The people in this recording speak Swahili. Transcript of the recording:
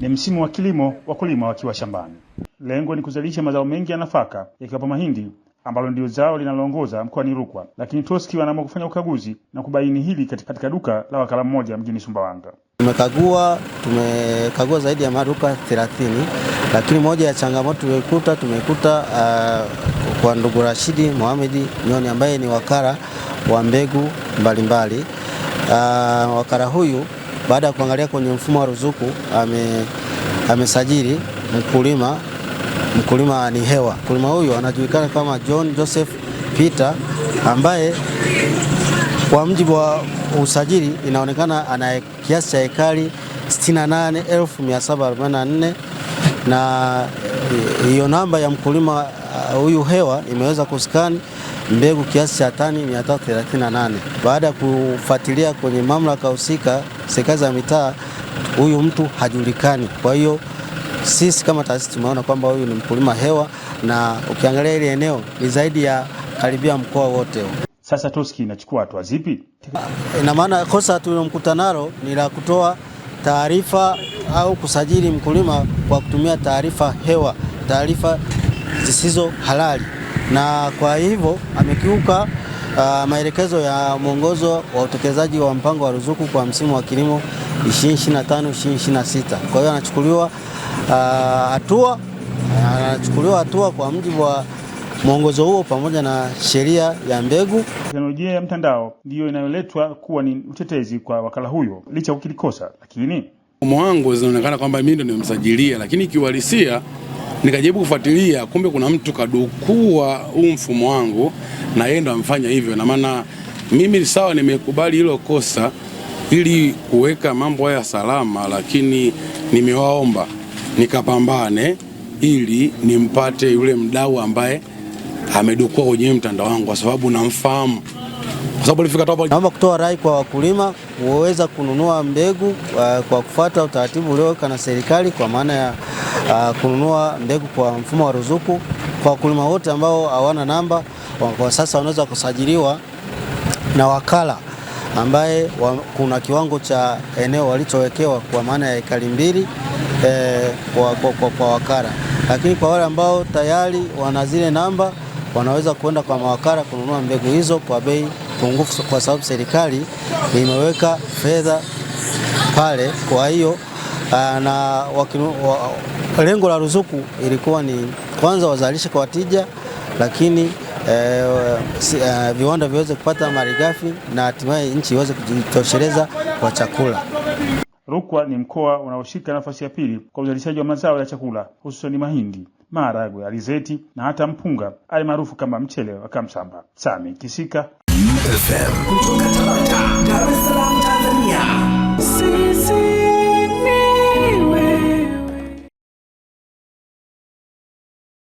Ni msimu wa kilimo, wakulima wakiwa shambani. Lengo ni kuzalisha mazao mengi ya nafaka yakiwapo mahindi ambalo ndio zao linaloongoza mkoani Rukwa, lakini Toski wanaamua kufanya ukaguzi na kubaini hili katika duka la wakala mmoja mjini Sumbawanga. Tumekagua tumekagua zaidi ya maduka 30 lakini moja ya changamoto tumekuta tumekuta uh, kwa ndugu Rashidi Mohamedi Nyoni ambaye ni wakala wa mbegu mbalimbali uh, wakala huyu baada ya kuangalia kwenye mfumo wa ruzuku amesajili ame mkulima mkulima ni hewa. Mkulima huyu anajulikana kama John Joseph Peter ambaye kwa mjibu wa usajili inaonekana ana kiasi cha ekari 68,744 na hiyo namba ya mkulima uh, huyu hewa imeweza kusikani mbegu kiasi cha tani 338. Baada ya kufuatilia kwenye mamlaka husika serikali za mitaa, huyu mtu hajulikani. Kwa hiyo sisi kama taasisi tumeona kwamba huyu ni mkulima hewa, na ukiangalia ile eneo ni zaidi ya karibia mkoa wote. Sasa TOSCI inachukua hatua zipi? Ina maana kosa tulilomkuta nalo ni la kutoa taarifa au kusajili mkulima kwa kutumia taarifa hewa, taarifa zisizo halali, na kwa hivyo amekiuka Uh, maelekezo ya mwongozo wa utekelezaji wa mpango wa ruzuku kwa msimu wa kilimo 2025 2026. Kwa hiyo anachukuliwa uh, hatua anachukuliwa hatua kwa mujibu wa mwongozo huo pamoja na sheria ya mbegu. Teknolojia ya mtandao ndiyo inayoletwa kuwa ni utetezi kwa wakala huyo licha ukilikosa, lakini umo wangu zinaonekana kwamba mimi ndio nimemsajilia, lakini kiuhalisia Nikajaribu kufuatilia, kumbe kuna mtu kadukua huu mfumo wangu na yeye ndo amfanya hivyo, na maana mimi sawa, nimekubali hilo kosa ili kuweka mambo haya salama, lakini nimewaomba nikapambane ili nimpate yule mdau ambaye amedukua kwenye mtandao wangu, kwa sababu namfahamu kwa sababu ilifika Naomba kutoa rai kwa wakulima waweza kununua mbegu uh, kwa kufuata utaratibu ulioweka na serikali kwa maana ya uh, kununua mbegu kwa mfumo wa ruzuku. Kwa wakulima wote ambao hawana namba kwa sasa wanaweza kusajiliwa na wakala ambaye wa, kuna kiwango cha eneo walichowekewa kwa maana ya ekari mbili e, kwa, kwa, kwa, kwa wakala. Lakini kwa wale ambao tayari wana zile namba wanaweza kuenda kwa mawakala kununua mbegu hizo kwa bei pungufu, kwa sababu serikali imeweka fedha pale. Kwa hiyo ah, na wakinu, wa, lengo la ruzuku ilikuwa ni kwanza wazalishe kwa tija, lakini e, si, e, viwanda viweze kupata malighafi na hatimaye nchi iweze kujitosheleza kwa chakula. Rukwa ni mkoa unaoshika nafasi ya pili kwa uzalishaji wa mazao ya chakula hususani mahindi, maharagwe, alizeti na hata mpunga ali maarufu kama mchele wa Kamsamba. Sami Kisika FM Dar es Salaam, Tanzania.